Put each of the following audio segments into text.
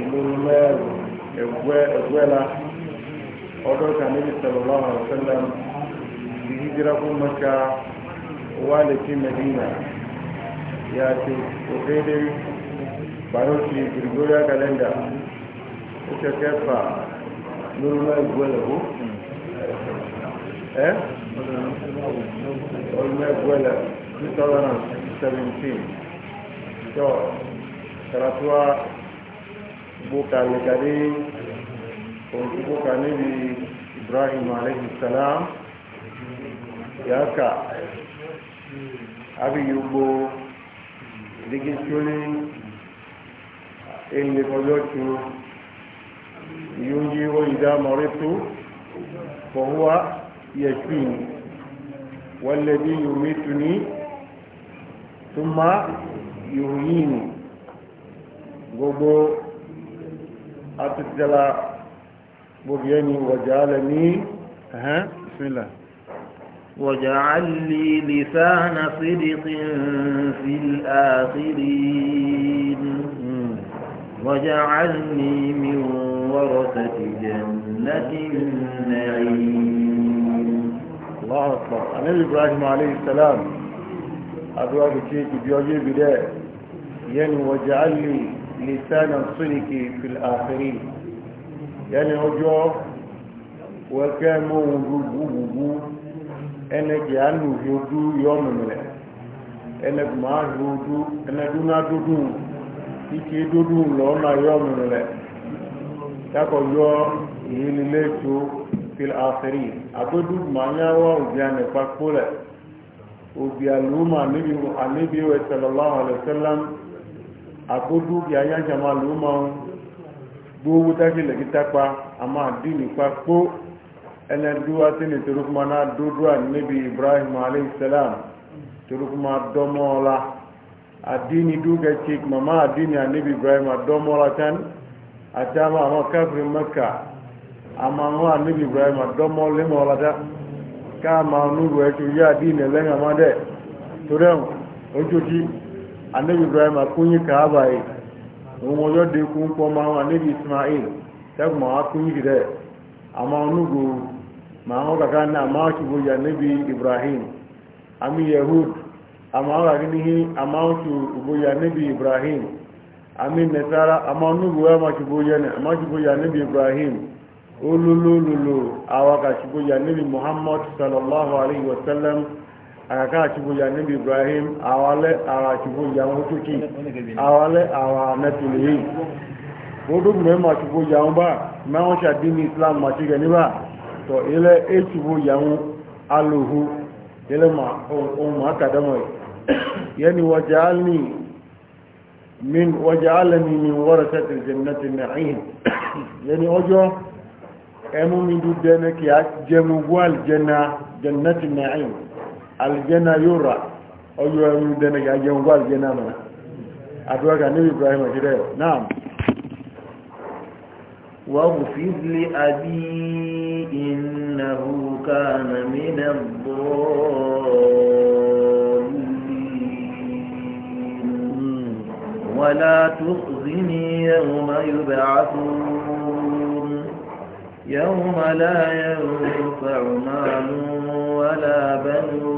ìlú mẹ́rin ẹ̀gbẹ́la ọdún kàmílì sallallahu alaihi wasallam ti hijira fún maka walikin medina ya ce ofede baroki gregorian calendar ita kefa nuna igwelewu eh olme igwele 2017 so karatuwa gbókalẹ̀ kàdé òun gbókalẹ̀ bí Ibrahim alayhi salam yaka abi yugbo digi tuli inni kojotu yunji wa idha maritu fa huwa yashfini والذي يميتني ثم gbogbo àtìsẹ́lá gbogbo ẹni بسم الله وجعل لي لسان صدق في الآخرين وجعلني من ورثة جنة النعيم الله أكبر النبي إبراهيم عليه السلام أدعو شيء بيوجي بداية يعني وجعل لي لسانا صنك في الآخرين يعني أجو وكامو وجوبوبو أنك يانو يدو يوم ملا أنك ما يدو أنك دونا دودو ike dúdú lọ́nà yọ́mù rẹ̀ takọ̀yọ́ ìhìnlẹ̀ tó fil àfẹ́rí àtọ́dú màáyáwá òbí ànẹ̀pá kólẹ̀ òbí àlùmọ̀ àníbi wẹ̀ sẹ̀lọ́láhùn àlẹ́sẹ́lám ako dúkìá yá jama ló máa ń gbówó tákìlẹ̀ kíta pa a máa dín nípa kó ẹnẹ dúwá sí ni torúkúmá náà dúdú à níbi ibrahim aleyhisselam torúkúmá dọ́mọ́ọ́lá àdínì dúkẹ́ chik màmá àdínì níbi ibrahim àdọ́mọ́ọ́lá tán àti àmà àwọn káfíń mẹ́kà àmà àwọn ibrahim àdọ́mọ́ọ́lẹ́mọ́ọ́lá tán káàmà onúrò ẹ̀ṣọ́ yá àdínì ẹlẹ́yìn àmọ́dẹ́ torí ẹ̀wọ̀n ojú ti annabi ibrahim kun yi kaaba yi òun ọjọ́ de kú ń pọ́ máa wọn annabi ismail tẹ́kùn ya kún yìí rẹ̀ àmọ́ onúgbò wọn kàkà ní àmọ́ àṣìbò yà annabi ibrahim àmì yehud àmọ́ àwọn àríníhí àmọ́ àṣìbò yà annabi ibrahim àmì nasara àmọ́ onúgbò àmọ́ àṣìbò yà ibrahim olólólòlò àwọn yà muhammad sallallahu alayhi àkàkà àtìbòyà níbi Ibrahim àwálẹ́ ara àtìbòyà wọn tókì àwálẹ́ àwọn amẹ́tòlè yìí wọ́n tó mẹ́mọ̀ àtìbòyà wọn bá mẹ́wọ́n ṣàdí ní Islam màtíkẹ̀ níbà tọ̀ ilẹ̀ ètìbòyà wọn alòhu ilẹ̀ ohun àkàdámọ̀ yẹni aljanna yóò rà ọjọ́ ẹrù dẹ́nà yà jẹun kó aljanna mọ̀ àdúrà níbi ibrahim àkídẹ́ náà واغفر لأبي إنه كان من الضالين ولا تخزني يوم يبعثون يوم لا ينفع مال ولا بنون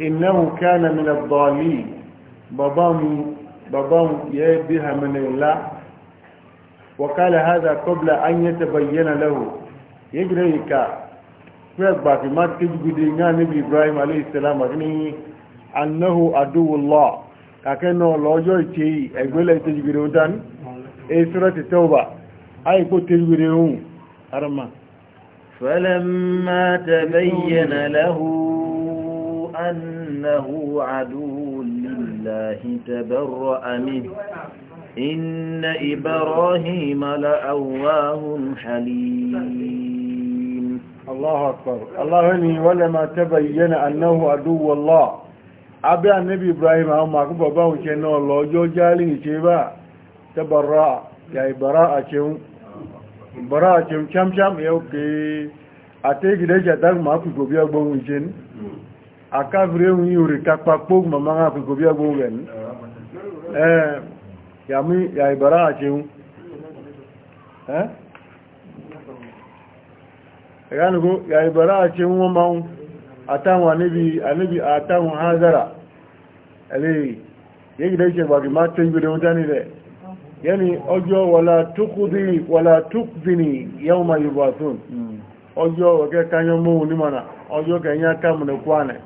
innahu kana min ad-dallin bàbá mu bàbá mu yẹ bí hàmìnìlá وقال هذا قبل أن يتبين له يجريك فأكبر في ما تجد نبي إبراهيم عليه السلام أغني أنه عدو الله أكنه لوجو يتي أقول لك تجبرون دان أي سورة التوبة أي كنت تجبرون أرمان فلما تبين له أنه عدو لله تبرأ منه إن إبراهيم لأواه حليم الله أكبر الله أني ولما تبين أنه عدو الله abẹ́ annabi ibrahim àwọn makúbọ̀ bá ń ṣe náà lọ́jọ́ jálì ṣe bá ta bara ya ibara a ceun bara a ceun camcam ya oke a ta yi gidan shatar makú gobe agbóhun ṣe ni akavire ŋu yi wòle kakpa kpo mama hã kpekpe bia gbɔ wòle eh. nu eh, ɛɛ yami yayibara atsi ŋu ɛ eh? ɛyani ko yayibara atsi ŋu wɔma ŋu ata ŋu anibi anibi ata ŋu hã zara ɛlɛ yeyi ɖe tse gbagi ma te gbe ɖe ŋu tani dɛ yẹni ọjọ́ wọlá túkúdí wọlá túkúdíní yau ma yubá tún ọjọ́ hmm. ọ̀kẹ́ kanyọ mọ́wù ní mana ọjọ́ kẹ̀yìn akámù ní kwánẹ̀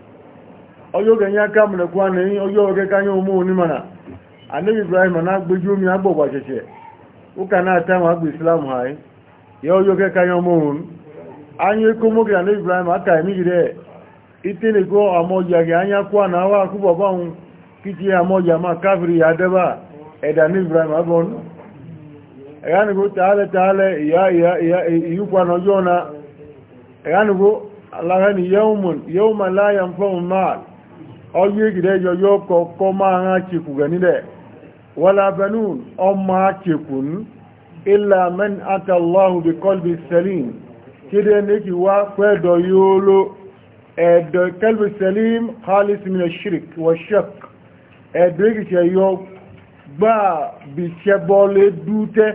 ọyọ́gẹ̀ yá kámùlẹ̀kúwà ní ọyọ́gẹ́ káyọ́ mú onímọ̀nà alẹ́ ibrahim náà gbójú omi agbọ̀gbà ṣẹ̀ṣẹ̀ ụka na-ata ma agbụ islam ha ya ọyọ́gẹ́ káyọ́ mú òun anya eko mọ́gì alẹ́ ibrahim aka emigide itenego amọ́jà gị anya kwụwa na awa akụbọba nwụ kiti ya amọ́jà ma kafiri ya deba ẹ̀dà ní ibrahim abọn ẹ̀yánigbó tààlẹ̀ tààlẹ̀ ìyúkwa na ọjọ́ na ẹ̀yánigbó alára ni yẹ́wùmọ̀ láyàmfọ́ mọ́ ọyẹ́ gidẹ́ yọyọ́ kọ̀ọ̀kọ́ máa rán kìkù rẹ̀ nílẹ̀ wala banun ọmọ kìkù ní illa man atallahu bi qalbi salim kéde ní kí wá pẹ́ẹ̀dọ̀ yóò ló ẹ̀dọ̀ qalbi salim khalis min shirik wa shak ẹ̀dọ̀ ìkìṣẹ́ yọ gbà bí ṣẹbọ́lé dútẹ́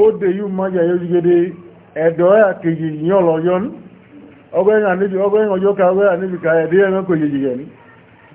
ó dè yíò máa jẹ́ yóò gidẹ́ ẹ̀dọ̀ ẹ̀ kejì yíò lọ yọ́n ọgbẹ́rin ọjọ́ ka ọgbẹ́rin níbi ka ẹ̀dẹ́ ẹ̀mẹ́kò yìí yẹ̀ ní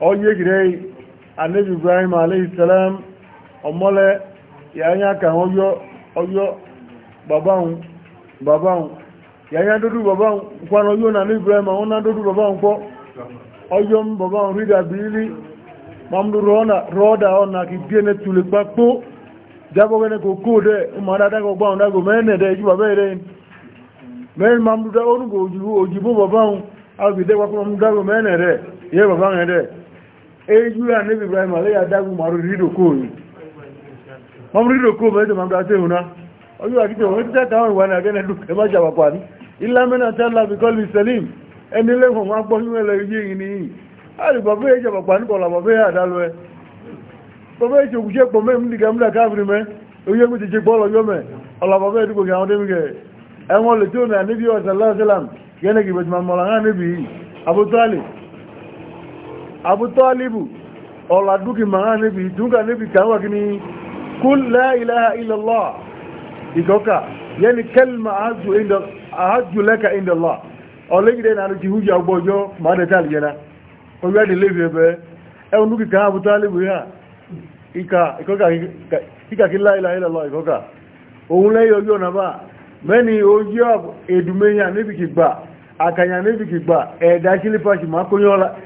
onye gire anabi ibrahim alaihissalam ọmọlẹ yanya ka ọyọ ọyọ babaun babaun yanya dodo babaun kwana ọyọ na anabi ibrahim àwọn na dodo babaun kọ ọyọ m babaun rida biri mamdu rọda ọna kì díẹ̀ ní tulè gbapò jábọ̀ gẹ́nẹ́ kò kó dẹ̀ mọ̀ adádágọ̀ gbáhùn dágọ̀ mẹ́rin ẹ̀dẹ̀ ejúra níbi ibrahim aléyà dágún maru rídòkó yìí maru rídòkó mẹ́jọ mamdá tí ìhùná ọjọ́ àkíkẹ́ wọ́n ti tẹ́ta àwọn ìwà ní agẹ́nẹ́ dùn ẹmá jàpapọ̀ àbí ìlàmẹ́nà tẹ́lá bíkọ́lù ìsẹ́lìm ẹni lẹ́fọ̀n wọn gbọ́ nínú ẹlẹ́ yé yìí nìyí alùpàpẹ́ yẹ jàpapọ̀ ní kọlà pàpẹ́ yà dálọ́ ẹ pàpẹ́ yẹ ṣòkùṣẹ́ pọ̀ mẹ́mú nìkẹ́ múlẹ̀ káàbìrì mẹ́ oyé mi ti ṣe bọ́ọ̀lù ọjọ́ mẹ́ ọlọ́pàpẹ́ yẹ dúkòkè àwọn tẹ́mi kẹ́ ẹ̀wọ̀n lè tí ó nà níbi ọ̀sán lọ́sẹ̀lám yẹn ní kìbẹ̀tì màmọ́lá abútọ́líbù ọ̀rọ̀ àdúkì máa níbi ìdúnkà níbi kàwà kí ni kul la ilaha illallah ìkọ́kà yẹni kẹlma ahajjú lẹ́ka indallah ọlẹ́gidẹ́ na ti hujja ọgbọ́jọ́ máa dẹ̀ tààlì yẹna orí àdì lè bẹ̀ẹ̀ ẹwọ́n dúkì kan abútọ́líbù yà ìkà kí la ilaha illallah ìkọ́kà òun lẹ́yọ yóò nà bá mẹ́ni ojú èdùmẹ́yà níbi kìgbà àkànyà níbi kìgbà ẹ̀ẹ̀dá kílípàṣì máa kóyọ́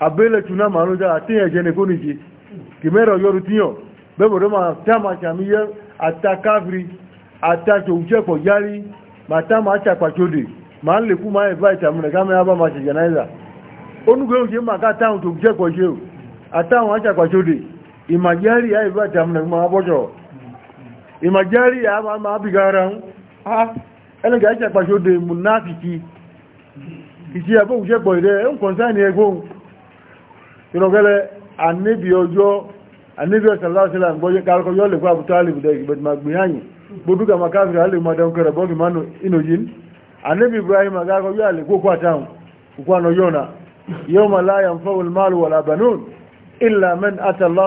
abele tuna manuja ati eje ne koniji kimero yoru tiyo bebo roma chama chamiye ata kavri ata chouche ko yari ma acha kwa chode ma le ku ma invite amune kama aba ma chijanaiza onugo oje ma ka town chouche ko je ata won acha kwa chode imajari ai invite amune ma abojo imajari ama ma bigara ah ele ga kwa chode munafiki iji abo uje ko ire un ìrọ̀gẹ́lẹ̀ àníbi ọjọ́ àníbi ọ̀sẹ̀ lásìlá gbọ́yẹ́ kárọkọ̀ yọ́ lè fún àbútọ́ alìbùdẹ̀ ìgbẹ̀dìmà gbìyànjì gbódúkà makáfíà alè mọ́dán kẹrẹ bọ́ọ̀kì mánu inòyìn àníbi ibrahim agárọkọ̀ yọ́ alè kókó àtàwọn ìkwànà yọ́nà yọ́ ma láyà Allah fọ́wọ́l máàlù wà lábànún ilà mẹ́n àtàlọ́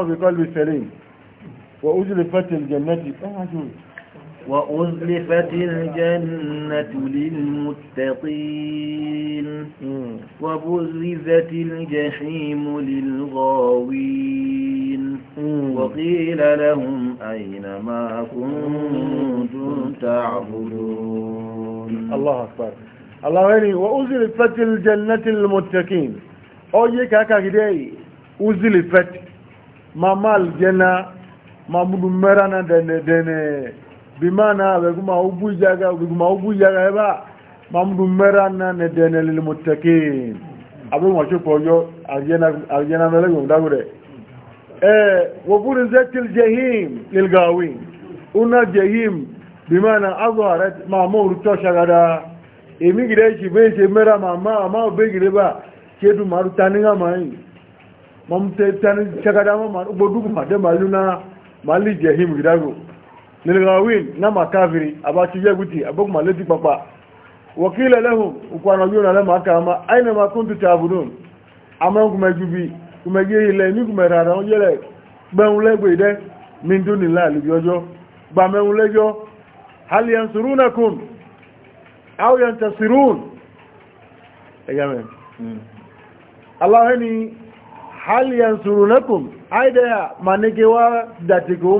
وأزلفت الجنة للمتقين وبرزت الجحيم للغاوين وقيل لهم أينما ما كنتم تعبدون الله أكبر الله يعني وأزلفت الجنة للمتقين أوجي كاكا كده ما مال الجنة ما مرانا دنة دنة bi mana be kuma ubu jaga be kuma ubu jaga ba mamdu merana ne denel lil muttaqin abu mo shi poyo arjena arjena mele gum dagure eh wa burzatil jahim lil gawin una jahim bi mana azharat ma'mur to shagada emi gide shi be se mera mama ma be gide ba kedu maru taninga mai mamte tan shagada ma ma bodu ma de maluna mali jahim gidago lilgawin na makafiri a baci yaguti a papa wakila lahum ukwana biyu na lama aka ma aina ma kuntu tabudun amma kuma jubi kuma giri le ni kuma rara yele gbẹun lẹgbẹ idẹ nila libyojo alibi ọjọ gbàmẹun lẹjọ hal yansurunakum aw yantasirun ẹgbẹ Allah hani hal yansurunakum aida ma wa datiko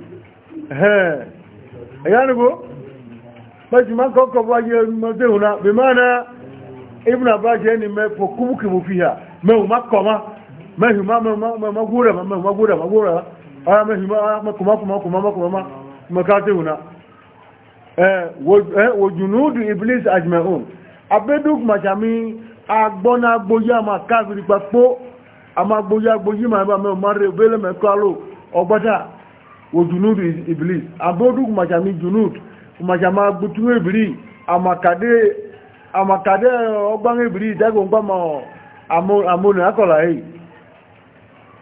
gane ko bashi man kankan waje mazai huna bi mana ibn abbas ya nime fo kubuki mufiya mai makoma mai hima magura mai magura magura a mai hima makuma kuma kuma makuma makasai ama ma bele kalo wa junudu iblis abodu kumachami junud kumachama butu ibri amakade amakade ogban ibri dago ngba ma amo amo na kola yi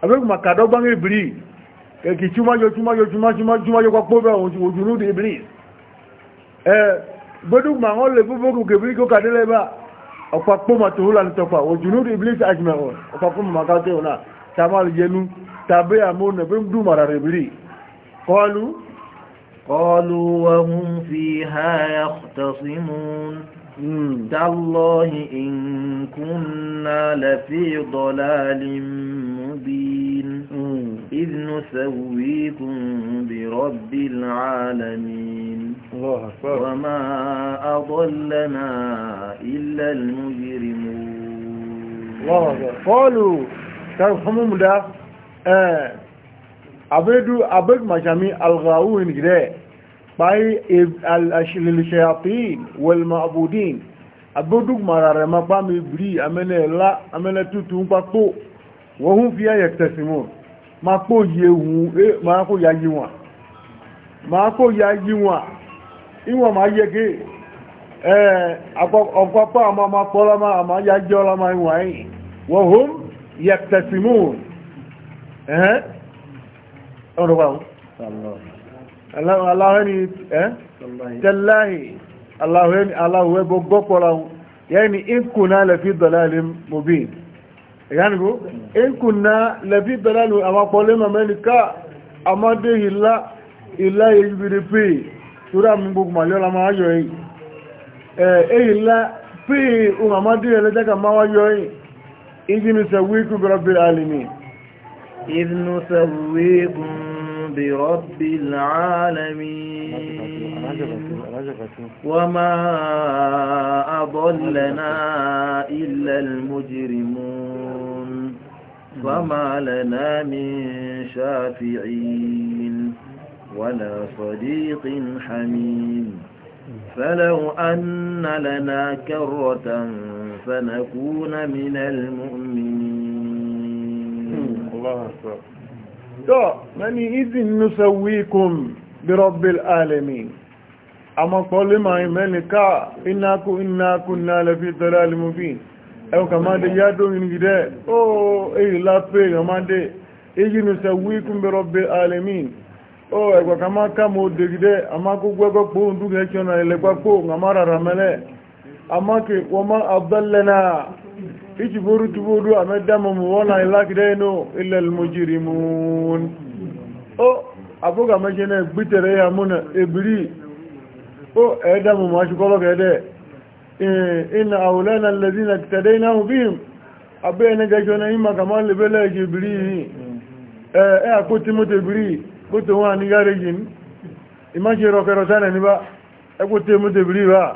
abe kumakade ogban ibri keki chuma yo chuma yo chuma chuma chuma yo kwa pobe wa junudu iblis eh bodu ma ngol le bubu ko gebri ko kadele ba ọ̀pàpọ̀ màtòhúlà ní tọpa òjùnúrí iblis ajmẹ̀hùn ọ̀pàpọ̀ màkàtẹ̀ ọ̀nà tàbí àmúnà bí dùn màrà rẹ̀ bìrì قالوا قالوا وهم فيها يختصمون تالله إن كنا لفي ضلال مبين إذ نسويكم برب العالمين الله وما أضلنا إلا المجرمون الله قالوا ترحمهم ده آه، عبد عبد مجامي الغاوين جدا باي الشياطين والمعبودين عبد مرار ما بامي بري امنا لا امنا تتون باكو وهم فيها يكتسمون ما كو يهو ما كو ياجي وان ma kó ya yí wọn ìwọ̀n ma yege ọ̀pọ̀pọ̀ àmà ma pọ́lọ́mà àmà ya jẹ́ ọlọ́mà ìwọ̀n yìí wọ̀hún yẹ̀tẹ̀sìmún ẹ̀hẹ́ ọ̀rọ̀ wa aláhẹ́ni ẹ́ tẹ́láhì aláhẹ́ni aláhùwẹ́ gbọ́pọ̀ra yẹ́ni ìkùnà lẹ́fí dọ̀láàlì mọ̀bí ìyánibó ìkùnà lẹ́fí dọ̀láàlì àwapọ̀lẹ́ mọ̀mẹ́nìká àmọ́dé ìlà ìlà ìgbìrìpì tura mi gbogbo màlẹ́ ọ̀la máa yọ yìí èyí ńlá pé ohun àmọ́dé ẹlẹ́jẹ́ kà máa wá yọ yìí ìjìnìṣẹ́ wíkú bẹ̀rẹ̀ bẹ̀rẹ̀ alìmí إذ نسويكم برب العالمين وما أضلنا إلا المجرمون فما لنا من شافعين ولا صديق حميم فلو أن لنا كرة فنكون من المؤمنين Allahu akbar to mani idin nusawwikum bi rabbil alamin ama qawli ma imelika innaku innakunna la fi dalal mubin e ka ma de ya do ni gide o e la pe yo ma de idin nusawwikum bi rabbil alamin o e ka ma ka mo de gide ama ku gwe gbo po ndu ge chona le gbo po ngamara ramele ama ke wa ma abdallana ijiburu tubudu amadamu wala ilakidenu illa almujrimun o abuga majene gbitere ya muna ibri o edamu mashukolo gede e, inna awlana alladhina iktadainahu bihim abena gajona imma kama lebele jibri eh eh e, akuti mu jibri kutu wa ni garejin imaje rokero sana ni ba akuti mu jibri ba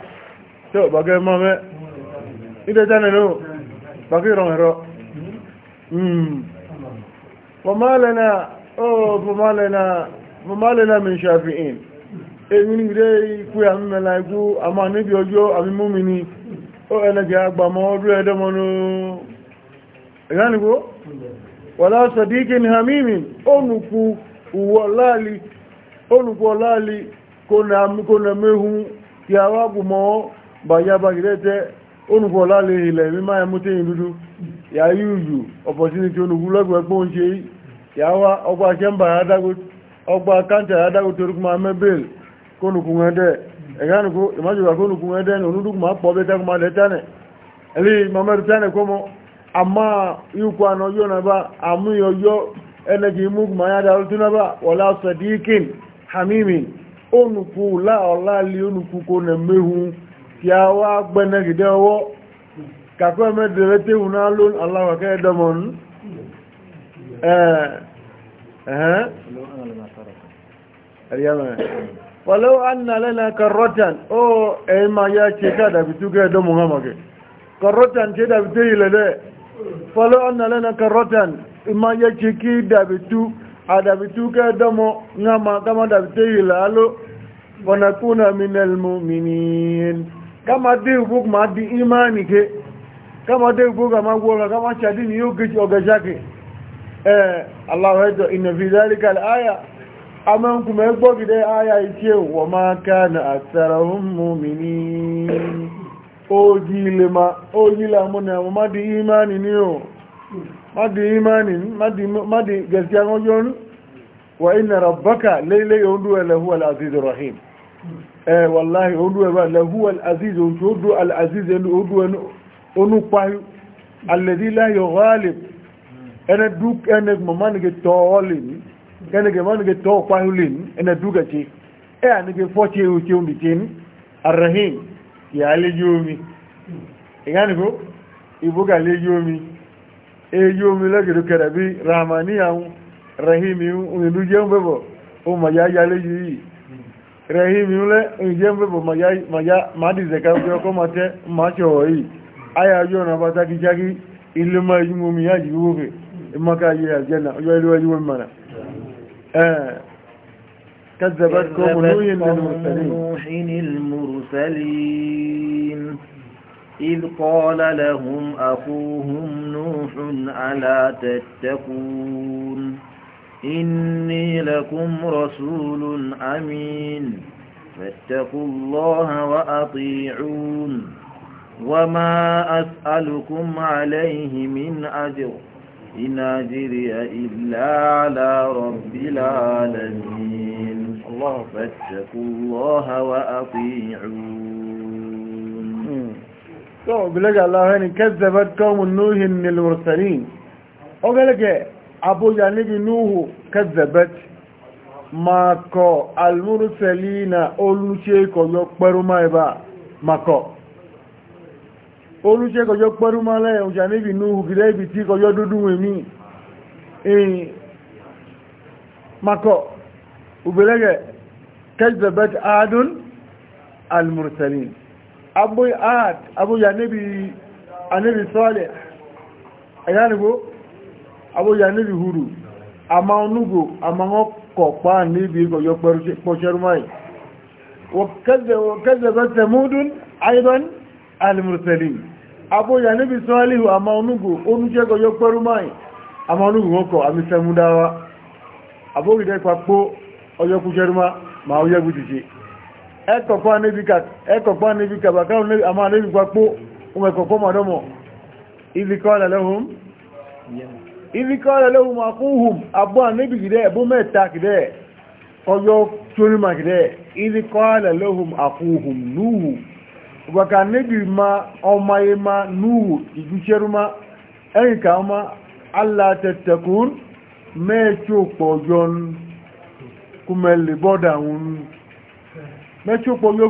to bagema me ide tana no صغيرا هراء وما لنا أوه فما لنا فما لنا من شافعين èmi ní ilé ikú àmì mẹ́la ikú a máa níbi ọjọ́ àmì múmi ni ó ẹlẹ́gẹ̀ agbàmọ́ ọdún ẹ̀dọ́mọ́nú ìránigó wàlá sàdíkì ní hamimi olùkú ọláàlì kò nà mẹ́hun olùkọ́ lálẹ́ ilẹ̀ mi máa mú téyìn dúdú yà yíyù opportunity olùkú lọ́gbẹ̀ẹ́ pé ó ń ṣe yà wá ọgbà kẹ́mbà adágó ọgbà káńtà adágó torí kuma mẹ́bẹ̀l kónùkún ẹ̀dẹ́ ẹ̀gánukú ìmájúwà kónùkún ẹ̀dẹ́ ní onúdúkù máa pọ̀ bẹ́ẹ̀ tẹ́kùn máa lẹ́ tánẹ̀ ẹ̀lí mamẹ́rù tánẹ̀ kọ́mọ àmà ikú ya wa gbanagide ọwọ́ kakọ́ mẹ́dẹ̀rẹ́ tí wùn náà ló aláwọ̀kẹ́ ẹ̀dọ́mọ̀n walau anna lana karrotan o ẹ̀yìn eh, ma ya ce ká dàbí tó gẹ́ ẹ̀dọ́mọ̀n hamakẹ́ karrotan ce dàbí tó yìí lẹ́dẹ́ walau anna lana karrotan ma ya ce kí dàbí tó a dàbí tó gẹ́ ẹ̀dọ́mọ̀ hamakama dàbí tó yìí lalo kama dai bug ma di imani ke kama dai bug ma gora kama cha din yo giji o gaja ke eh allah hado inna fi zalika al aya aman kuma gbo gide aya ite wa ma kana aktharuhum mu'minin o jile ma o jile mo na ma di imani ni o ma di imani ma di ma di gaskiya ngojon wa inna rabbaka layla yundu wa lahu al rahim ẹ wàláhì odú ẹ̀rọ alẹ́húwà aziz oṣù odú al'aziz ẹlú odú ẹnu onúpáyú alẹ́díláyọ̀ rálẹ̀ ẹnẹ dúk ẹnẹ mọ̀mánigẹ̀ tọ́ lè ní ẹnẹ gẹ̀mánigẹ̀ tọ́ páyú lè ní ẹnẹ dúkẹ̀ṣe ẹ ànigẹ̀ fọ́ṣẹ́ oṣù oúnjẹ ní arahim ìyàlẹ́yọ́ omi ìyánigó ìbúgàlẹ́yọ́ omi eyọ́ omi lọ́gẹ̀dẹ̀ kẹrẹ̀ bí rahmaniyan rahim ìlú jẹun bẹ́bọ̀ ó mọ̀ yá yálẹ́yọ́ yìí rẹ̀hí mi lẹ́ ìjẹ́ pẹ̀pọ̀ máàdìsẹ̀ká ọkọ̀ ọkọ̀ máa tẹ́ máa ṣọ̀ wọ̀nyí ayájọ́ ọ̀nà bá tákíjákí ilé máa yí mú mi yá jù wókè ìmọ́ká yẹ àjẹ́nà ọjọ́ ilé wáyé wọ́n mara كذبت قوم نوح المرسلين إذ قال لهم أخوهم نوح ألا تتقون إني لكم رسول أمين فاتقوا الله وأطيعون وما أسألكم عليه من أجر إن أجري إلا على رب العالمين الله فاتقوا الله وأطيعون بلغ الله أن كذبت قوم النوح المرسلين أقول لك abójá níbi núhù kẹ́zẹ̀bẹ́t makọ̀ almúrúsẹ̀lìnà olùṣẹ́kọ̀yọ́ pẹ́rúmá ẹ̀bá makọ̀ olùṣẹ́kọ̀yọ́ pẹ́rúmá lẹ́yìn òjá níbi núhù gílẹ̀ ibi tí kọjọ́ dúdú wèmí makọ̀ ubelẹ́gẹ̀ kẹ́zẹ̀bẹ́t adún almúrúsẹ̀lìn abójá níbi sọ́ọ̀lẹ̀ ẹ̀yánigbo aboya ni bihuru ama onugo ama kokpa ni bi ko yo pochermai وكذب وكذب ثمود ايضا المرسلين aboya ni bi salihu ama onugo onuje ko yo perumai ama onugo ko ami samudawa abogi de papo oyo kucherma ma oyo gujiji ẹkọ̀kọ́ níbi kàbàkáwọn àmà níbi papò ohun ẹkọ̀kọ́ mọ̀dọ́mọ̀ ibi kọ́ lẹ́lẹ́hùn ibi kọ́lẹ̀ lẹ́wọ̀n ma fún hùm abọ́ níbi gidẹ́ bó mẹ́ta gidẹ́ ọjọ́ tóní ma gidẹ́ ibi kọ́lẹ̀ lẹ́wọ̀n àfúhùm núhù baka níbi ma ọmọ yẹ ma núhù ìgbìṣẹ́rú ma ẹ̀yìn ká ma alátẹ̀tẹ̀kún mẹ́ẹ̀tí òpọ̀ ọjọ́ kúmẹ̀lẹ̀ bọ́dà wọn mẹ́ẹ̀tí òpọ̀ ọjọ́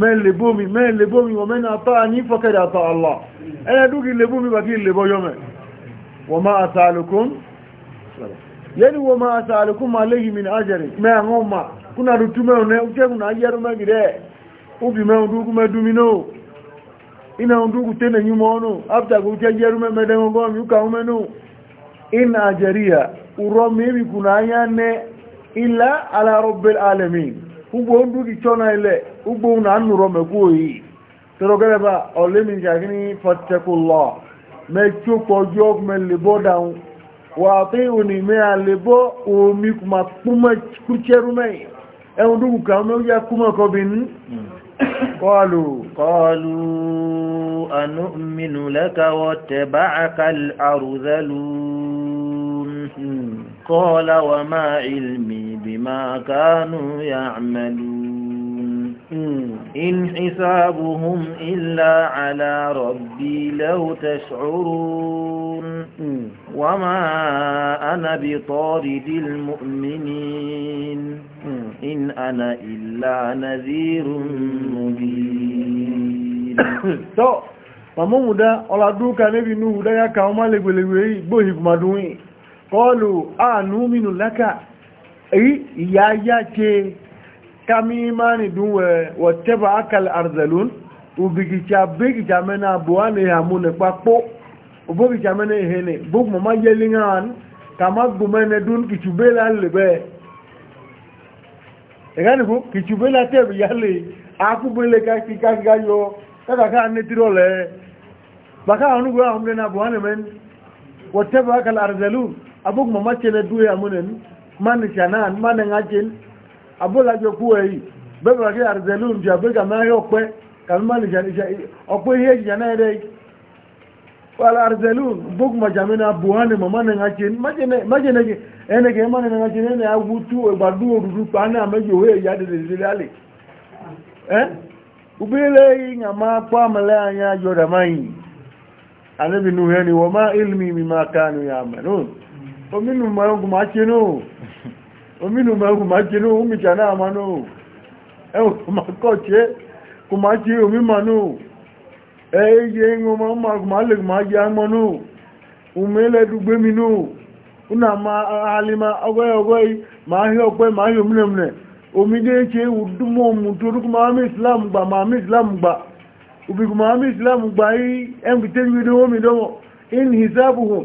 mẹ́rin lè bómi mẹ́rin lè bómi wọ́n mẹ́rin àtà ní fọ́kẹ̀dẹ̀ àtà Allah ẹ̀yẹ dúkì lè bómi bàkí lè bọ́ yọmẹ̀ wọ́n máa sàálùkún yẹ́ni wọ́n máa sàálùkún máa léyìn mi ní ajẹ́rì mẹ́rin wọ́n máa kuna rutu mẹ́rin náà ṣẹ́gun náà yẹ́rù mẹ́rin rẹ̀ ubi mẹ́rin dúkú mẹ́dúmi náà ina dúkú tẹ́lẹ̀ yí mọ́ ọ́nù ugbo ndu di chona ile ugbo una nuro oyi yi gareba gere ba ole mi ja gini fattakullah me chupo jo me libo down wa ati uni me kuma kuma kurcheru me e ndu ka me ya kuma ko bin قالوا قالوا أنؤمن لك واتبعك الأرذلون قال وما علمي بما كانوا يعملون إن حسابهم إلا على ربي لو تشعرون وما أنا بطارد المؤمنين إن أنا إلا نذير مبين so mamu muda ola duka nebi nu muda ya kawo ma legbelegbe igbo hikmadun kọlù àánúmínú lákà èyí ìyá yá ce kami mani dun wata ba akal arzalun ubigica bigica mena buwa ne hamu ne kpakpo ubigica mena ihe ne buk mama yelin an kama gume ne dun kicubela lebe bàkà àwọn ọmọdé náà buwa ne mẹ́ni wọ́n tẹ́bì akal arzalun abuk mama mace na amunen munin man shanan man ngajin abula jo kuwei bebe ke arzelun ja bega ma yo kwe kan man shan sha okwe ye jana re wal arzelun buk ma jamina buhane ma man ngajin maje ne maje ene ke man ngajin ne agutu e badu odudu pana meje we ya de zilale eh ubele nga ma kwa mala anya jo da mai anabi nuhani wa ma ilmi mimma kanu ya'malun ominu mayogu machinu ominu mayogu machinu umichana amanu ewu kumakoche kumachi omimanu eye ngoma ma ji kumaji amanu umele dugbe mi minu una ma alima ogoy ogoy ma hi ope ma hi omine mne omide che udumo muturu kuma mi islam gba ma ama islam gba ubi kuma mi islam gba yi en biten video mi domo in hisabuhum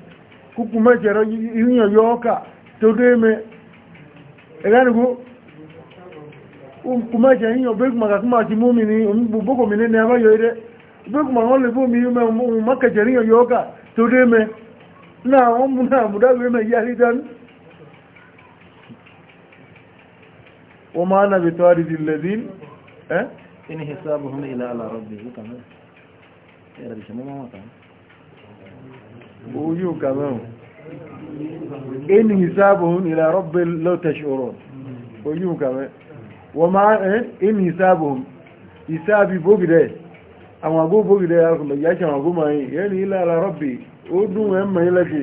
kúkú mẹ́jẹ̀rọ ìrìyàn yọ ọkà tó dé mẹ́ ẹ̀lẹ́nìkú kúkú mẹ́jẹ̀ ìyàn bẹ́kùnmàkà kúmà ti mú mi ní bókò mi ní ẹbá yọ ilé bẹ́kùnmà wọ́n lè fún mi mẹ́kẹ̀jẹ̀ ìrìyàn yọ ọkà tó dé mẹ́ náà wọ́n mú náà múdáwé mẹ́ yá rí dání wọ́n máa òun yóò kà mẹ́rùn in hisabuhum ila rabbil law tash'urun òun yóò kà mẹ́ wọ́n máa in hisabuhum ìsáàbì bóbìdẹ̀ àwọn agbó bóbìdẹ̀ alùkùnmọ̀ yáṣẹ́ àwọn agbó máa yẹ́ ní ila rabbi ó dùn ẹ̀mọ̀ ilẹ̀kì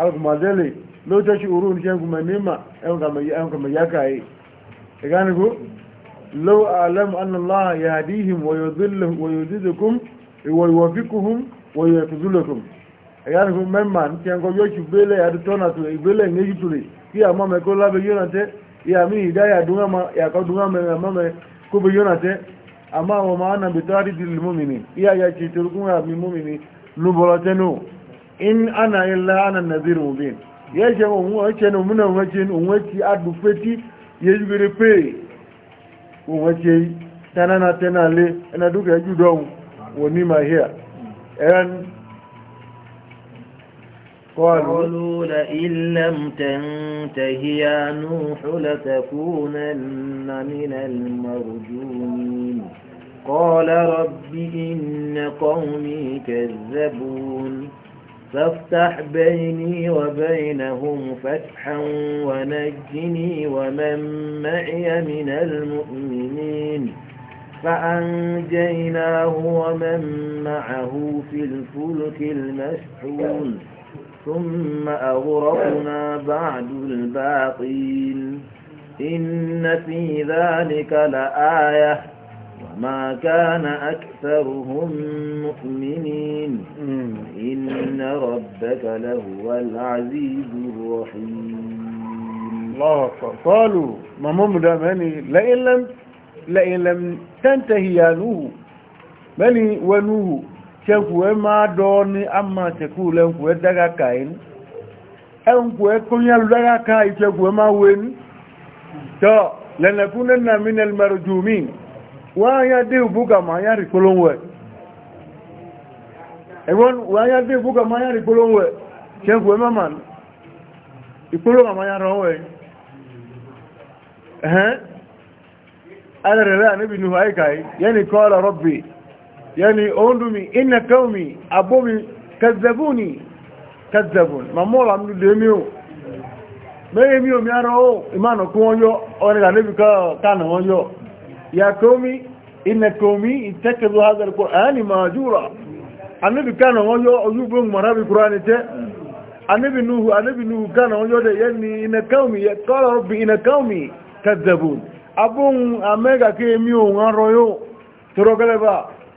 alùkùnmọ̀ law tash'urun ṣe ń kùnmọ̀ níma ẹ̀kùnmọ̀ yákàáyé ìgánigbó لو أعلم أن الله يهديهم ويذلهم ويزيدكم ويوفقهم ويخذلكم yar hu memman ti ango yo chubele ya tona tu ibele ngi tuli ki ama me ko labe yonate ya mi ida ya dunga ma ya ka dunga me ama me ko be yonate ama wa maana bi taridil mu'mini ya ya ci turku ya mi mu'mini lu bolatenu in ana illa ana nadhir mubin ya je mo mo che no muna mo che no mo ti adu feti ye jibere pe mo che tanana tenale na duka and قالوا لئن لم تنته يا نوح لتكونن من المرجومين قال رب إن قومي كذبون فافتح بيني وبينهم فتحا ونجني ومن معي من المؤمنين فأنجيناه ومن معه في الفلك المسحون ثم أغرقنا بعد الباطين إن في ذلك لآية وما كان أكثرهم مؤمنين إن ربك لهو العزيز الرحيم الله أكبر قالوا ما ممدى مني لئن لم, لئن لم تنتهي يا نوه مني ونوه chekwu ma doo ni ama chekwu le nkwu daga kain enkwu kunya daga kai chekwu ma wen to lanakunanna min almarjumin wa ya de buga ma ya rikolonwe ewon wa ya de buga ma ya rikolonwe chekwu ma man ikolo ma ya ronwe eh ala rere anabi nuhu aikai yani qala rabbi yani ondumi inna kaumi abomi kazzabuni kazzabun mamola mdu demi o mẹ́rin mi ò mi ara ó ìmáànà kí wọ́n yọ ọ̀rẹ́dà níbi káànà wọ́n yọ ya kaumi inna kaumi ìtẹ́kẹ̀lú hazard Qur'ani mahjura anábi káànà wọ́n yọ ojúgbó mọ̀rábi Qur'ani tẹ́ anábi nuhu anábi nuhu káànà wọ́n yọ dẹ̀ yẹ́ ni inna kaumi yẹ qala rabbi inna kaumi kazzabun abóhun amẹ́gà kí èmi òun arọ yóò tọrọ gẹ́lẹ́ bá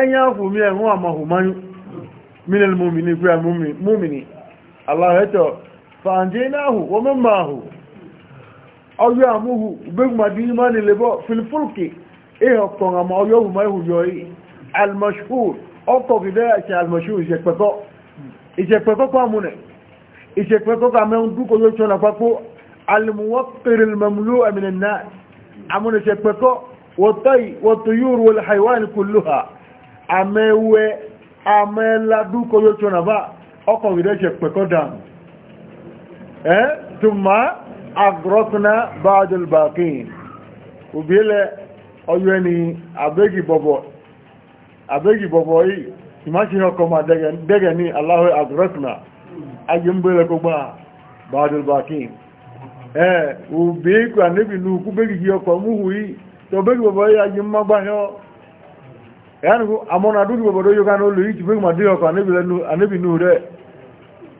ẹ̀yàn fòmí ẹ̀hún àmàhùmáyú mínal múmìnì pé múmìnì aláhẹ́tọ̀ fàndínáhù wọ́mọ́máhù ọjọ́ àmúhù gbẹ́gbàdí imáni lẹ́bọ́ filfulki ihọ̀tọ̀ àmà ọjọ́ òmùmáhù yọ almashhur ọkọ̀ gidẹ́ àti almashhur ìṣẹ̀pẹ̀kọ́ ìṣẹ̀pẹ̀kọ́ pàmúnẹ̀ ìṣẹ̀pẹ̀kọ́ kàmẹ́un dúkọ̀ yóò ṣọ́nà pápó amewe ameladu koyocho na e, e, ba ọkọ̀ ìrẹ́ṣẹ̀ pẹ̀kọ́ dànù ẹ́ túnmá agrọ́kùnà báadùlbàkín òbílẹ̀ ọyọ́ ẹni àbẹ́gìbọ̀bọ̀ yìí ọkọ̀ ma dẹ́gẹ̀ ní aláwọ̀ agrọ́kùnà ayé ń bẹ̀rẹ̀ kó gbá báadùlbàkín ẹ́ yani amona dudu bobo yo kan olu yi be ma dio kan ebi lenu anebi re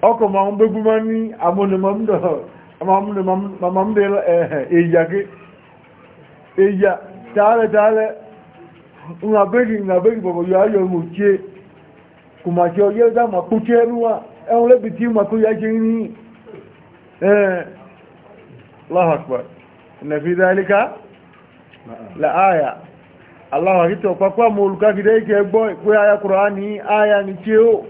oko ma mbe bu mani amone mam do mam mam eh e ya ke e tale tale una na begi bobo yo ayo kuma che yo da ma ruwa e on ma ku ya eh Allah hakika kwa kuwa mulukakide yake kwa aya Qur'ani aya ni cheo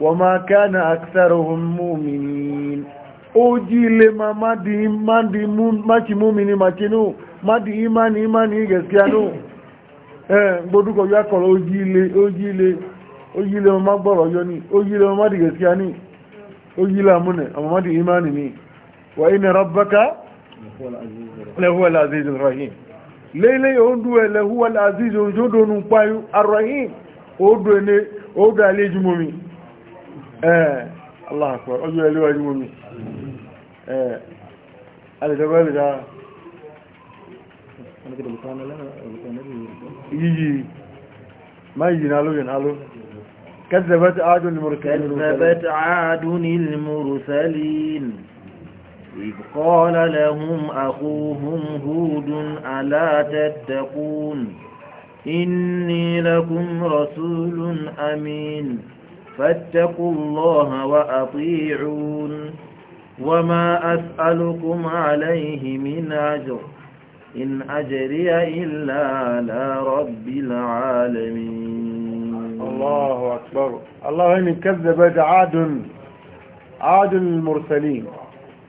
wama kana aktharuhum mu'minin ojile mamadi imani machi mu'mini machinu madi imani imani gaskiya no eh gboduko ya ko ojile ojile ojile ma gboro yo ni ojile ma di gaskiya ni ojile amune amadi imani ni wa inna rabbaka lahu al-azizur rahim lele ondu ele huwa al-aziz ojodo nu payu ar-rahim odo ene odo aleju momi eh allah akbar ojo ele waju momi eh ale jabal ga yiji ma كذبت عاد المرسلين كذبت عاد المرسلين إذ قال لهم أخوهم هود ألا تتقون إني لكم رسول أمين فاتقوا الله وأطيعون وما أسألكم عليه من أجر إن أجري إلا على رب العالمين الله أكبر الله إن كذب عاد عاد المرسلين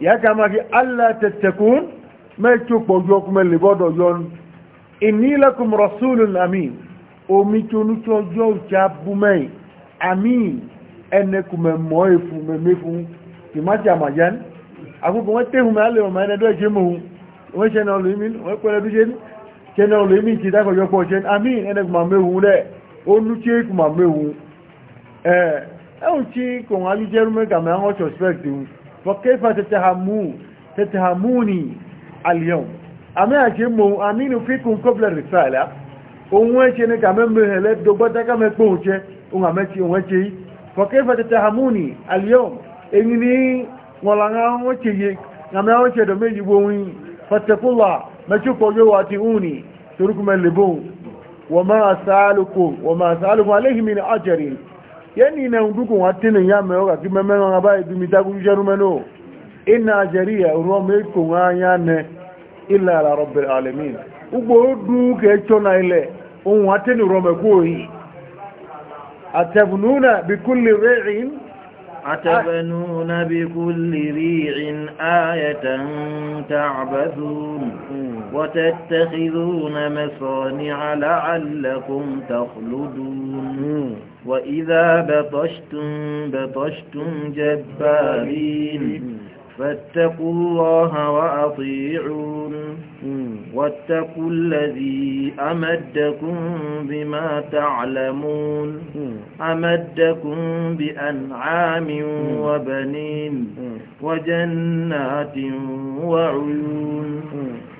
ya kama ki Allah tattakun mai tukpo jo kuma libodo yon inni lakum rasulun amin o mi tunu to jo chabu mai amin ene kuma mo efu me mefu ti ma ti amajan agugo won te hun ale o ma e ne do je mu won se na lumin won pere bi je ni فكيف تتهمون تتهموني اليوم أما أجمو أمين فيكم قبل الرسالة أموشي نكا ممهلت دوبتك مكوشي أمامتي أموشي فكيف تتهموني اليوم إني ولا أموشي أما أموشي دمي يبوني فاتقوا الله ما شكوا يواتئوني تركم اللبون وما أسألكم وما أسألكم عليه من أجر yani ina nduku watini nyame oka kimemenga ngabai dumita kujerumeno ina ajaria urwa meku nganyane illa ala rabbil alamin ugbo du ke chona ile un watini rome kuhi atavununa bikulli ri'in أتبنون بكل ريع آية تعبثون وتتخذون مصانع لعلكم تخلدون وإذا بطشتم بطشتم جبارين فاتقوا الله وأطيعون واتقوا الذي أمدكم بما تعلمون أمدكم بأنعام وبنين وجنات وعيون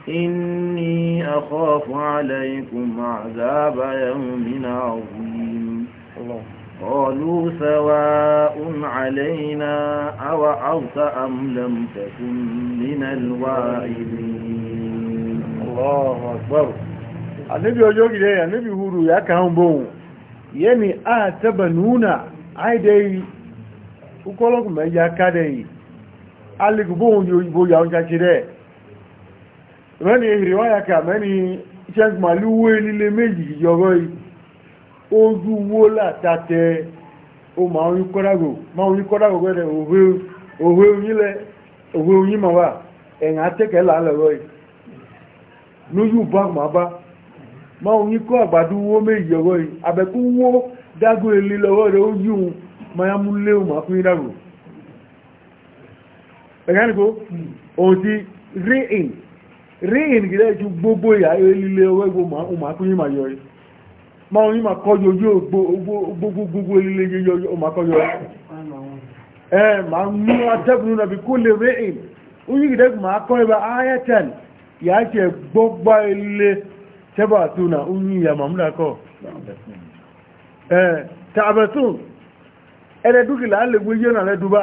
إني أخاف عليكم عذاب يوم عظيم الله oyeie ya adebeụrụ ya ka ah boyena aha tebụl na ụnọ ayị ehị ụkụọgwụ i akarghị alụwe ị oyibo ya ngakere be na e hiri nwa ya ka e ihe cheụ mle uw nile mee gie ojú wo látàtẹ o ma oyin kọ́dàgò ma oyin kọ́dàgò pẹ́lẹ̀ òwe oyin lẹ òwe oyin ma wà ẹ̀yàn atẹ́kẹ̀ lálẹ́ rọ yìí lójú bá ma bá ma oyin kọ́ àgbàdo wo méjì ọ̀rọ̀ yìí abẹ́kú wo dágò èlé lọ́wọ́ rẹ̀ ó yí òun ya mú lé òun ma fún ti rí in rí in ju gbogbo ìyá ilé ọwọ́ ìgbò fún yìí ma orin ma kọjọ ojú gbogbogbogbo ilé yíyọ o ma kọjọ ẹ ma mú atẹ́bùnú nàbí kó lè rí ìn oyin ìdẹ́ ma kọ́ ibà ayẹ́tẹ̀n yà á jẹ gbọ́gbá ilé tẹ́bà àtúnà oyin ìyà màmúlà kọ́ ẹ tàbẹ̀tún ẹ̀rẹ́ dúkìlá lè gbé yẹ́nà rẹ̀ dúbà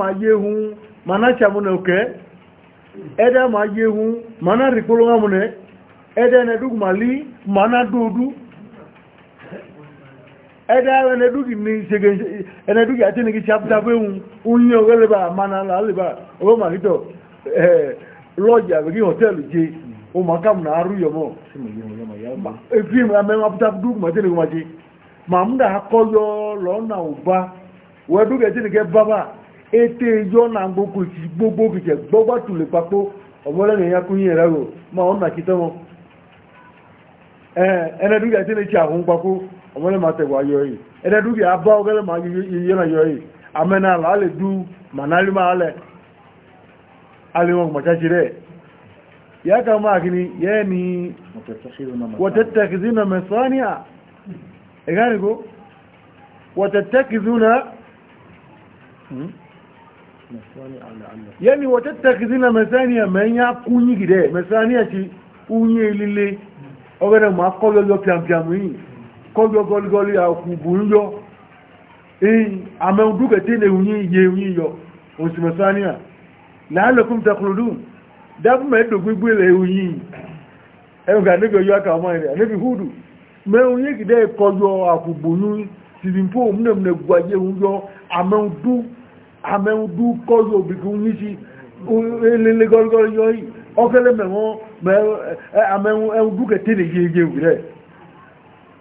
ma yé hun ma náà sàmúnà òkè ẹ̀dá ma yé hun ma náà rí kólóhàmúnà ẹ̀dá ẹ̀nẹ́dúkùmálí ma náà dúdú ẹ̀dá ẹ̀nà dúkì ní ṣege ẹ̀nà dúkì àti nìkí ṣàpútàpéhun oúnjẹ ọgọ́lẹ́bà mana lálẹ́bà ọwọ́ màkítọ̀ lọ́jà àbẹ̀kí hòtẹ́ẹ̀lì jẹ ọmọ kàmùnà arúyọmọ́ efim amẹ́wọ́n apútàpútàpù mọ̀tẹ́ nìkú máa jẹ màmúdà àti omole mategwa yoyi ede du bi aba ogele ma yiyena yoyi amena la ale du manali ma ale ale won machachi re ya kama akini yani watattakhizuna masani'a egani go watattakhizuna yani watattakhizuna masani'a man ya kunyi gide masani'a ci unye lile kọjọ gọlgọlì àkùbù ń yọ àmẹ́hùn dúkẹ̀tí lè wùnyí iye wùnyí yọ òsìmọ̀sáníà láàrẹ̀kún tẹkùnlù dábùmẹ́dò gbígbé lè wùnyí ẹgbà nígbà yọ aka ọmọ ẹ̀rẹ̀ níbi húdù mẹ́hùn yìí kìdẹ́ kọjọ àkùbù yún tìlìmpó múnẹ̀múnẹ̀ gbàjẹ́ wùnyọ àmẹ́hùn dú kọjọ òbìkú yìí sí ilẹ̀lẹ̀ gọlgọlì yọ yìí ọkẹ́lẹ̀ mẹ́hùn dúkẹ̀tí lè yẹ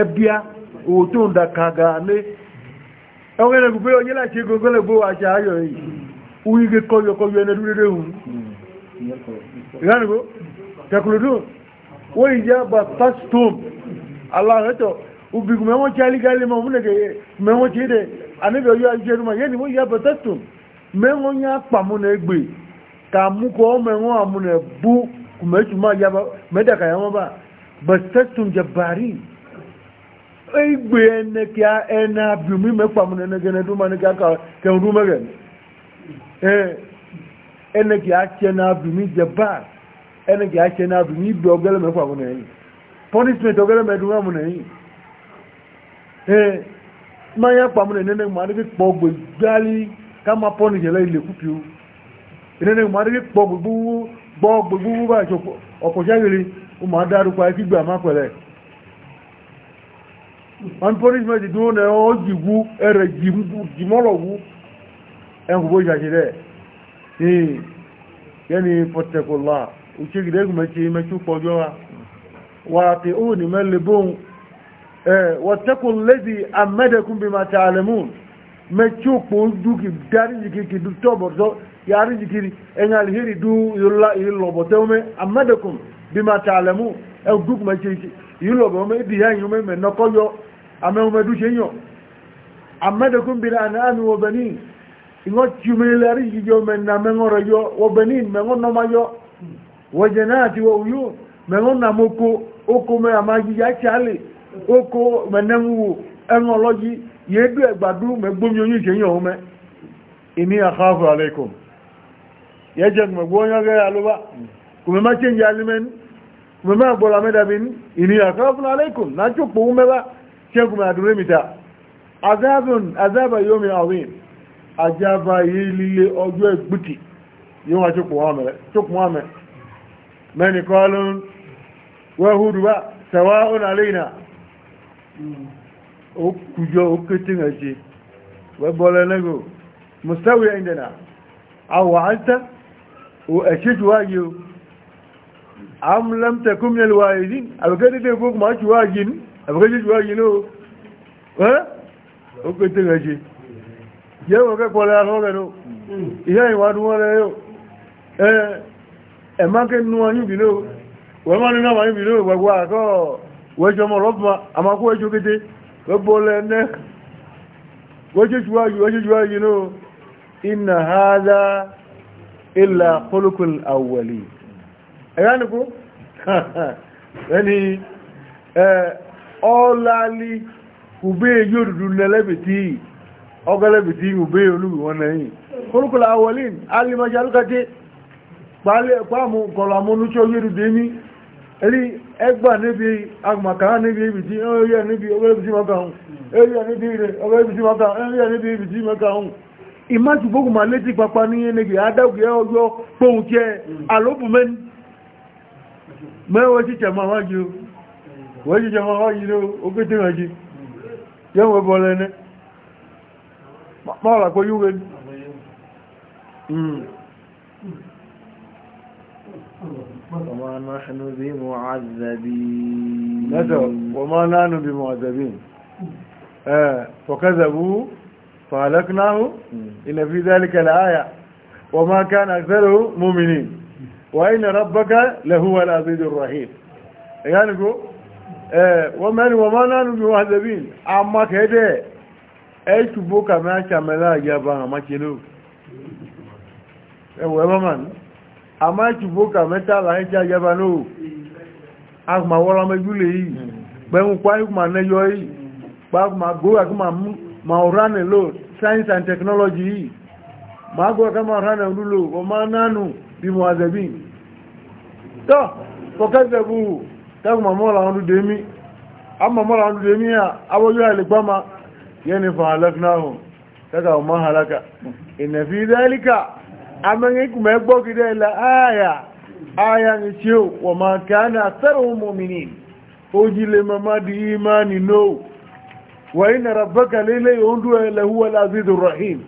ebia otun da kagale ẹwọ́n ẹ̀rẹ̀ gbogbo onye láti ṣe gbogbo ẹgbogbo àṣà ayọ̀ yìí oríge kọyọkọyọ ẹni dúrédé hùn ìrànìgbò tẹkùlùdùn wọ́n ìjẹ́ bà tastom aláàrẹ́tọ̀ ubigun mẹ́wọ́n tí alígálẹ̀ mọ́ múnẹ̀gẹ̀yẹ mẹ́wọ́n tí dẹ̀ aníbẹ̀ yóò ajé ẹrùmọ̀ yẹ́ ni wọ́n ìyá bà tastom mẹ́wọ́n yá pàmúnẹ̀ gbè kàmúkọ bá bà jẹ bàárín egbe ene kia ene abiumi me kpam ne ne gene duma ne kia ka ke rume gen eh ene kia na abiumi je ba eneke kia na abiumi ibe ogele me kpam ne yi punishment ogele me duma ne yi eh ma ya kpam ne ne ma ne bi kpo gbe gali ka ma pon je le ile kupiu ne ne ma ne bi kpo gbe gbu gbo gbe gbu ba jo ọkọ̀ ṣẹ́gìrì ó máa dárúkọ ẹgbígbà and punishment dùn ún ẹ̀hún ọ̀jì wú ẹ̀rẹ̀ jìmọ́lọ̀ wú ẹ̀hún bó ṣàṣẹ rẹ̀ ee yẹ́nì pọ̀tẹ́kọ̀lá òṣèkìdẹ́gùn mẹ́tí mẹ́tí pọ̀jọ́ wa wà á ti òun ní mẹ́lẹ̀ bóun ẹ̀ wọ́tẹ́kùn lẹ́bi amẹ́dẹ́kùn bí máa ta àlẹ́mùn mẹ́tí òpó dúkì dárí jìkì kì tọ́bọ̀ tọ́ yàrí jìkì ẹ̀yìn àlìhírì dú ìlọ̀bọ̀tẹ́wọ́mẹ́ amẹ́dẹ́kùn amẹ́wọ̀mẹ́dú ṣe yàn amẹ́dẹ̀kún bí láàrín àmì wọ̀bẹ̀ní ìwọ́n jùmílẹ̀rí yíyọ mẹ́nà mẹ́wọ̀rọ̀ yọ wọ̀bẹ̀ní mẹ́wọ̀n náà yọ wọ̀jẹ̀ náà ti wọ̀ yóò mẹ́wọ̀n náà mọ́kó ókó mẹ́àmá yíyá kíálẹ̀ ókó mẹ́nẹ́wò ẹ̀rùn ọlọ́yí yéédú ẹ̀gbàdú mẹ́gbómi oyún ṣe yàn ọmọ ìní àkáfù alẹ́kùn yẹ́jẹ̀ mẹ́gbóyọ́gẹ́ alúbá kùmẹ́ má ṣe ń yà alímẹ́ni kùmẹ́ má gbọ́ra mẹ́dàbí ìní àkáfù alẹ́kùn lájòpọ̀ mẹ́bàá sheku mai adúrí mita azabun azaba yóò mi awin ajaba yìí líle ọjọ́ ẹgbùtì yíò wá ṣokùn wá mẹ́ mẹ́ni kọlùn wẹ́hùdù wá sẹ̀wá ọ̀nà àlẹ́yìnà ó kùjọ ó kété rẹ̀ ṣe wẹ́bọ́lẹ̀ lẹ́gbò mustawi ẹ̀ndẹ̀nà awọ̀ àìsá ò ẹ̀ṣẹ́jú wáyé o am lam takum min alwaizin àbúkẹ́jì jù ọyìn náà ó pé tí rẹ̀ ṣe yẹ́ wọ́n kẹ́kọ́ lẹ́ra lọ́rẹ̀ lọ ìyá ìwà ní wọ́n rẹ̀ yóò ẹ̀má kí nínú wọn yìí bìlò wọ́n má nínú àwọn yìí bìlò gbogbo àkọ́ wẹ́jọ mọ̀ rọ́pùmá àmàkú ẹjọ́ kété gbogbo lẹ́nẹ́ wọ́jọ́júwáyìí náà inna hadha illa khuluqul awwali ẹ̀yá nìkú ẹni ọlálí ube yóò dúdú lẹ́lẹ́bìtì ọgọ́lẹ́bìtì ube olúwìwọ́n lẹ́yìn kúrúkúlà awọlín alìmọ̀já lókàtí pàmù kọlọ̀ amúnúṣọ́ yóò dúdú ní ẹ̀rí ẹgbà níbi níbi gbogbo ma létí ní ẹnẹ́gì adágùẹ́ ọjọ́ pòhùn jẹ́ alóbùmẹ́ni mẹ́wọ́ wọ́n jíjẹ ọmọ yìí ogójì rẹ̀ jí yẹ́ wọ́n bọ́ lẹ́nẹ́ máa ràpọ̀ yíwẹ́ ní وما نحن بمعذبين وما نحن بمعذبين فكذبوا فهلكناه إن في ذلك الآية وما كان أكثره مؤمنين وإن ربك لهو العزيز الرحيم يعني wọ́n mẹ́rin wọ́n máa nánú bí wọ́n àdẹ́bí àmàkẹ́dẹ́ ẹ̀ẹ́tùbó kàmẹ́ àṣàmẹ́lá àjábá àmàkẹ́lò ẹwọ̀ ẹbá mà ní àmàkẹ́tùbó kàmẹ́ tààlà ẹ̀ẹ́tì àjábá náà àkùmàwọ́ra mẹ́júlẹ̀ yìí pẹ̀hùn pàákùmà nẹ́yọ yìí pàákùmà góyà kí ma ọ̀rá nẹ̀ lò science and technology yìí ma góyà kí ma ọ̀rá nẹ̀ lò wọ́n tẹ́kùn mọ̀mọ́ra wọn dúdé mí amọ̀mọ́ra wọn dúdé mí à abójú àìlègbọ́mà yẹni fàhálẹ́fínáhùn tẹ́kà ọmọ halaka ìnẹ̀fí dẹ́líkà amẹ́rìnkùnmẹ́ gbọ́gidẹ́ ilẹ̀ ààyà ààyà ni tí ó wọ̀ máa kàánà àtẹ́rùn mọ̀mìnì ojìlè mọ̀má rabbaka lélẹ̀ òǹdú ẹlẹ̀ huwa al-azizu rahim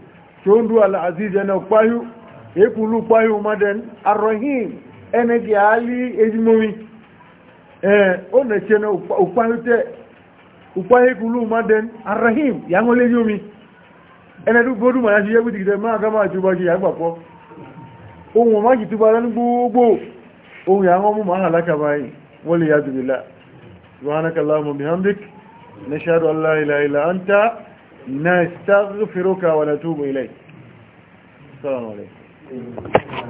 tí ó ń dú al-azizu ẹnà páyú èkùlù páyú mọ́dẹ̀n arrahim ẹnẹ́gì ee eh, ọ na-eche na ụkpahe kulu maden arahim ya nwele yi omi ẹnẹ́dú gbódù ma ya ṣe yẹ́gbì dìgbẹ̀ máa ká máa túbọ̀ ṣe àgbàpọ̀ ohun ọmọ jì túbọ̀ lẹ́nu gbogbo ohun àwọn ọmọ máa halaka báyìí wọ́n lè yàtò bílá subhanaka allahumma bihamdik nashhadu an la ilaha illa anta nastaghfiruka wa natubu ilayk assalamu alaykum